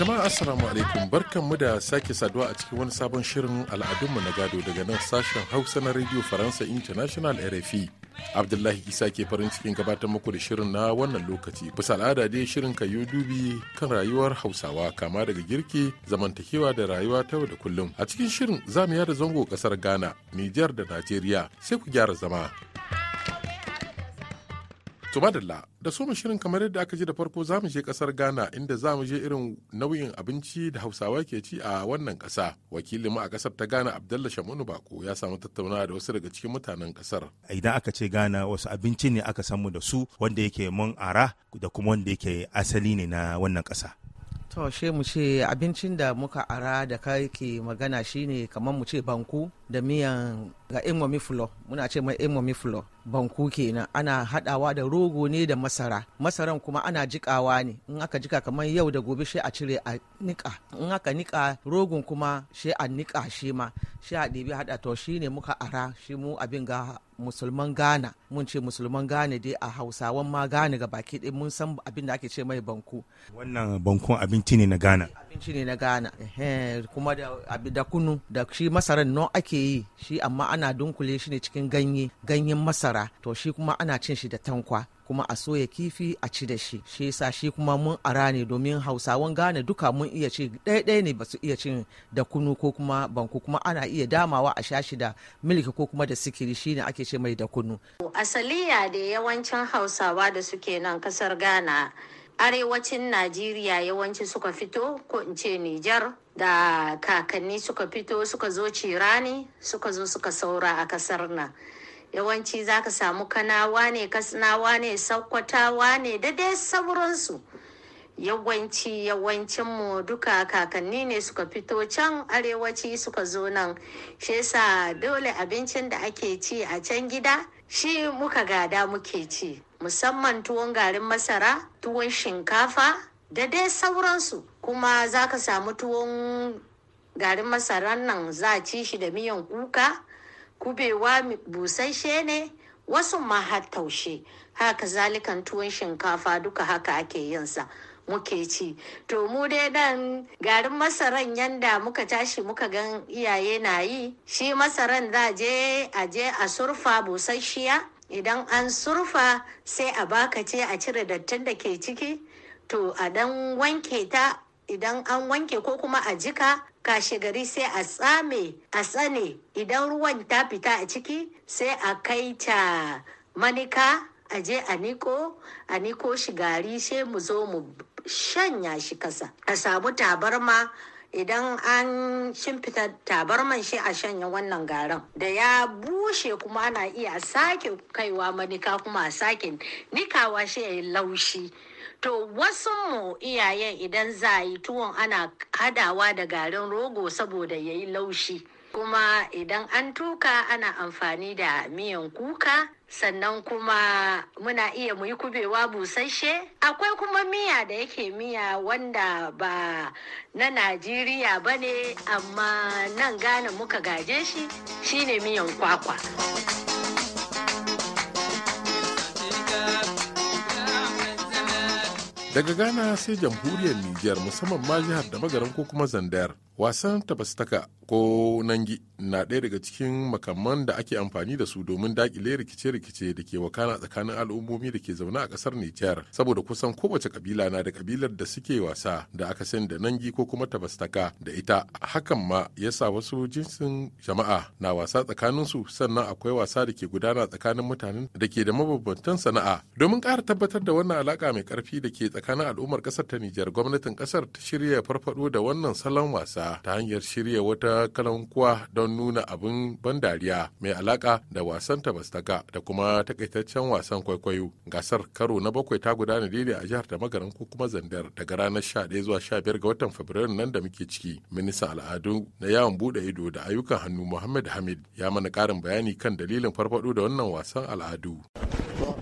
jama'a assalamu alaikum mu da sake saduwa a cikin wani sabon shirin al'adunmu na gado daga nan sashen hausa na radio faransa international rfi abdullahi isa ke farin cikin gabatar muku da shirin na wannan lokaci bisa al'ada dai shirin ka yi dubi kan rayuwar hausawa kama daga girki zamantakewa da rayuwa ta da kullum a cikin shirin za mu yada zango kasar ghana nijar da najeriya sai ku gyara zama To madalla da so shirin kamar yadda aka ji da farko za mu je kasar Ghana inda za mu je irin nau'in abinci da Hausawa ke ci a wannan kasa. Wakilin mu a kasar ta Ghana Abdallah Shamunu Bako ya samu tattaunawa da wasu daga cikin mutanen kasar. Idan aka ce Ghana wasu abinci ne aka samu da su wanda yake mun ara da kuma wanda yake asali ne na wannan kasa. To she mu ce abincin da muka ara da kai ke magana shine kamar mu ce banku da miyan ga imomi fulo muna ce mai emomi fulo banku kenan ana hadawa da rogo ne da masara masaran kuma ana jikawa ne in aka jika kamar yau da gobe shi a cire a nika in aka nika rogon kuma shi a nika shi ma shi a ɗebi hada to shi ne muka ara shi mu abin ga musulman ghana mun ce musulman ghana dai a hausawan ma ghana ga baki ɗaya mun san abin da ake ce mai banku wannan bankun abinci ne na ghana abinci ne na ghana kuma da kunu da shi masaran nan ake yi shi amma ana dunkule shi ne cikin ganye ganyen masara to shi kuma ana cin shi da tankwa kuma a soya kifi a ci da shi shi yasa shi kuma mun ara ne domin hausawan gane duka mun iya ci ɗaya ne basu iya cin da kunu ko kuma banku kuma ana iya damawa a sha shi da milki ko kuma da sikiri shi shine ake ce mai da kunu asaliya da yawancin hausawa da suke nan kasar ghana arewacin najeriya yawanci suka fito ko in ce nijar da kakanni suka fito suka zo cirani suka zo suka saura a kasar nan yawanci za ka samu kanawa ne kasnawa ne saukwatawa ne da dai sauransu yawanci yawancin mu duka kakanni ne suka fito can arewaci suka zo nan shi dole abincin da ake ci a can gida shi muka gada muke ci musamman tuwon garin masara tuwon shinkafa da dai sauransu kuma za ka samu tuwon garin masaran nan za a ci shi da miyan kuka kubewa busasshe ne wasu ma har taushe haka zalikan tuwon shinkafa duka haka ake yinsa muke ci to mu dai nan garin masaran yanda muka tashi muka gan iyaye na yi shi masaran za je a je a surfa busasshiya idan an surfa sai a baka ce a cire dattin da ke ciki to a dan wanke ta idan an wanke ko kuma a jika kashe gari sai a tsame a tsane idan ruwan ta fita a ciki sai a kai ta manika a je a niko a niko shi gari sai mu zo mu shanya shi kasa a samu tabarma idan an shimfita tabarman shi a shanya wannan garin da ya bushe kuma ana iya sake kaiwa manika kuma a sake nikawa shi ya yi laushi to wasu mu iyayen idan za a yi tuwon ana hadawa da garin rogo saboda ya yi laushi kuma idan an tuka ana amfani da miyan kuka sannan kuma muna iya muyi kubewa busasshe akwai kuma miya da yake miya wanda ba na najeriya ba ne amma nan gane muka gaje shi shine miyan kwakwa daga ghana sai jamhuriyar niger musamman ma jihar da magaran ko kuma zandar wasan tabastaka ko nangi na ɗaya daga cikin makamman da ake amfani da su domin daƙile rikice-rikice da ke wakana tsakanin al'ummomi da ke zaune a ƙasar Nijar saboda kusan kowace kabila na da kabilar da suke wasa da aka san da nangi ko kuma tabastaka da ita hakan ma ya sa wasu jinsin jama'a na wasa tsakaninsu sannan akwai wasa da ke gudana tsakanin mutanen da ke da mabambantan sana'a domin ƙara tabbatar da wannan alaƙa mai ƙarfi da ke tsakanin al'ummar ƙasar ta Nijar gwamnatin ƙasar ta shirya farfaɗo da wannan salon wasa ta hanyar shirya wata kalankuwa don nuna abin ban dariya mai alaka da wasan tabastaka da kuma takaitaccen wasan kwaikwayo gasar karo na bakwai ta gudana daidai a jihar da magaran ko kuma zandar daga ranar sha ɗaya zuwa sha biyar ga watan fabrairu nan da muke ciki ministan al'adu na yawon buɗe ido da ayyukan hannu muhammad hamid ya mana ƙarin bayani kan dalilin farfaɗo da wannan wasan al'adu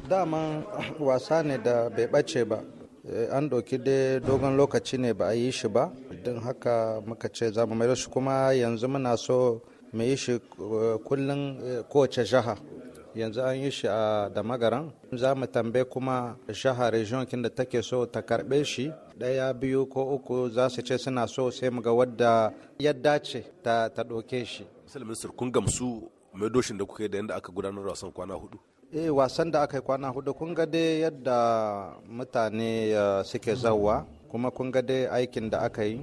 dama wasa ne da bai ɓace ba eh, an ɗauki dai dogon lokaci ne ba a yi shi ba don haka muka ce za mu mayar shi kuma yanzu muna so mu yi shi eh, kullum eh, kowace jiha yanzu an yi shi a da magaran za mu tambaye kuma jiha region kinda take so ta karbe shi daya biyu ko uku za su ce suna so sai mu ga wadda ya dace ta ɗauke shi minister kun gamsu mai doshin da kuka yi da yadda aka gudanar wasan kwana hudu e eh, wasan da aka yi kwana hudu kun ga dai yadda mutane suke zawa kuma kun ga dai aikin da aka yi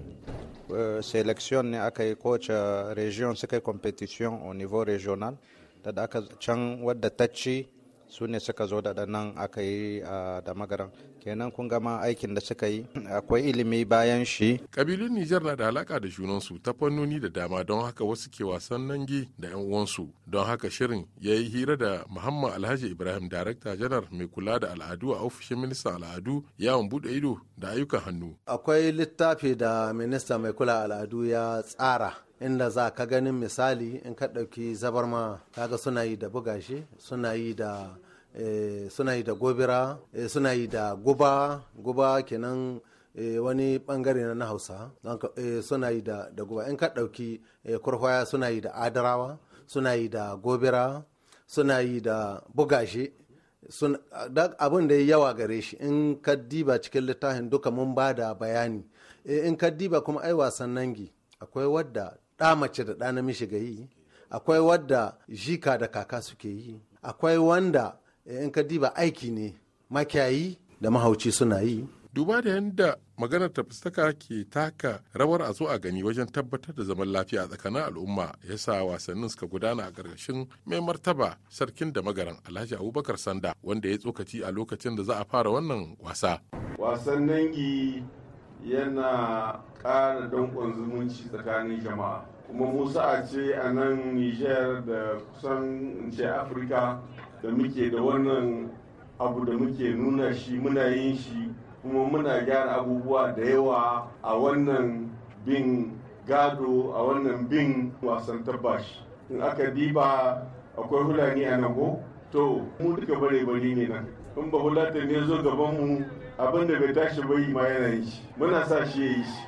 eh, selection ne aka yi kowace region suka yi competition au niveau regional da aka can wadda ta ci su ne suka zo da nan aka yi da magaran kenan kun gama aikin da suka yi akwai ilimi bayan shi kabilun nijar na da alaka da junansu ta fannoni da dama don haka wasu ke wasan nangi da yan uwansu don haka shirin ya yi hira da muhammad alhaji ibrahim darakta janar mai kula da al'adu a ofishin ministan al'adu yawon bude ido da ayyukan hannu akwai littafi da minista mai kula al'adu ya tsara inda za ka ganin misali in ka ɗauki zabarma kaga suna yi da bugashi suna yi da eh, suna yi da gobira eh, suna yi da guba guba kenan eh, wani bangare na hausa suna yi da guba in ka ɗauki kurhwaya suna yi da adarawa suna yi da gobira suna yi da bugashi abin da ya yawa gare shi in ka diba cikin littafin duka mun ba da bayani in ka diba kuma ai wasan nangi akwai wadda ɗa mace da ɗa namiji ga yi akwai wadda jika da kaka suke yi akwai wanda eh, in ka diba aiki ne makiyayi da mahauci suna yi duba da yadda maganar tafistaka ke taka rawar a zo a gani wajen tabbatar da zaman lafiya tsakanin al'umma ya sa wasannin suka gudana a gargashin mai martaba sarkin da magaran alhaji abubakar sanda wanda ya tsokaci a lokacin da za a fara wannan wasa wasan dangi yana ƙara danƙon zumunci tsakanin jama'a kuma musa a ce a nan niger da kusan ce afirka da muke da wannan abu da muke nuna shi muna yin shi kuma muna gyara abubuwa da yawa a wannan bin gado a wannan bin wasan tabbashi in aka diba akwai hulani a nago to mu duka bare-bare ne nan in ba hulata ne zo gabanmu abin da bai tashi bai ma yana yi muna sa shi ya yi shi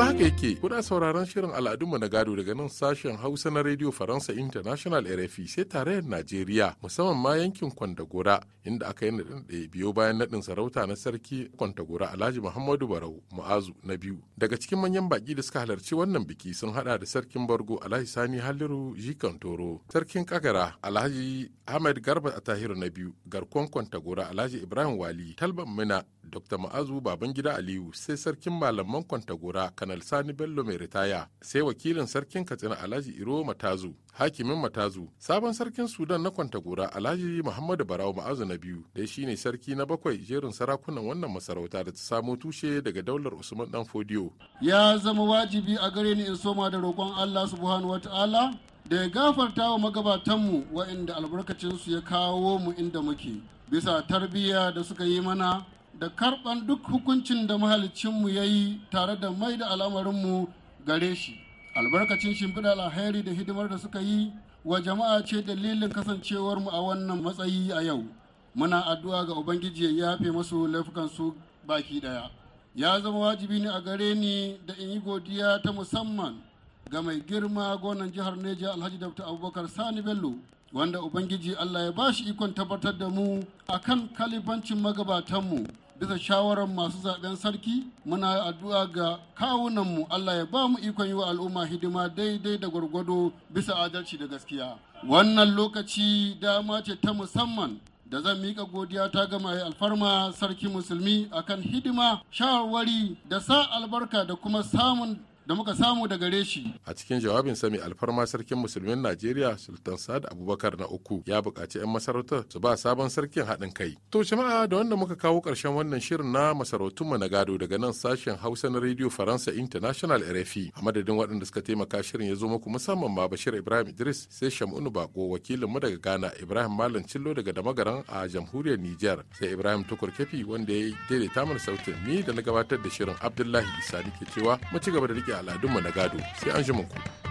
To haka yake kuna sauraron shirin al'adunmu na gado daga nan sashen Hausa na Radio Faransa International RFI sai tarayyar Najeriya musamman ma yankin Kwandagora inda aka yi naɗin ɗaya biyo bayan naɗin sarauta na sarki Kwandagora Alhaji Muhammadu Barau Mu'azu na biyu. Daga cikin manyan baƙi da suka halarci wannan biki sun haɗa da sarkin Bargo Alhaji Sani Halliru Jikan Toro, sarkin Kagara Alhaji Ahmed Garba a Atahiru na biyu, garkon Kwantagora Alhaji Ibrahim Wali, Talban Mina dr ma'azu babangida aliyu sai sarkin malaman kwantagora kanal sani bello mai ritaya sai wakilin sarkin katsina alhaji iro matazu hakimin matazu sabon sarkin sudan na kwantagora alhaji muhammadu barawo ma'azu na biyu da shine sarki na bakwai jerin sarakunan wannan masarauta da ta samo tushe daga daular usman dan fodiyo ya zama wajibi a gare ni in soma da roƙon allah subhanahu ta'ala da ya gafarta wa magabatanmu waɗanda albarkacinsu ya kawo mu inda muke bisa tarbiyya da suka yi mana da karɓan duk hukuncin da mahalicinmu ya yi tare da mai da al'amarinmu gare shi albarkacin shimfiɗa alheri da hidimar da suka yi wa jama'a ce dalilin kasancewar mu a wannan matsayi a yau muna addu'a ga ubangiji ya yafe masu su baki ɗaya ya zama wajibi ne a gare ni da in yi godiya ta musamman ga mai girma gonan jihar neja alhaji dr abubakar sani bello wanda ubangiji allah ya ba shi ikon tabbatar da mu akan kalibancin magabatanmu bisa shawarar masu zaben sarki muna addu'a ga kawunanmu Allah ya ba mu ikon yi wa al'umma hidima daidai da gwargwado bisa adalci da gaskiya wannan lokaci dama ce ta musamman da zan miƙa godiya ta gama ya alfarma sarki musulmi akan hidima shawarwari da sa albarka da kuma samun da muka samu daga gare shi. A cikin jawabin sami alfarma sarkin musulmin Najeriya Sultan Sa'ad Abubakar na uku ya bukaci 'yan masarautar su ba sabon sarkin haɗin kai. To jama'a da wanda muka kawo ƙarshen wannan shirin na masarautunmu na gado daga nan sashen Hausa na rediyo Faransa International RFI a madadin waɗanda suka taimaka shirin ya zo muku musamman ma Bashir Ibrahim Idris sai Shamunu Bako wakilinmu daga Ghana Ibrahim Malam Cillo daga Damagaran a jamhuriyar Nijar sai Ibrahim Tukur Kefi wanda ya daidaita mana sautin ni da na gabatar da shirin Abdullahi Isa ke cewa mu ci gaba da rike aladunmu na gado sai an ku.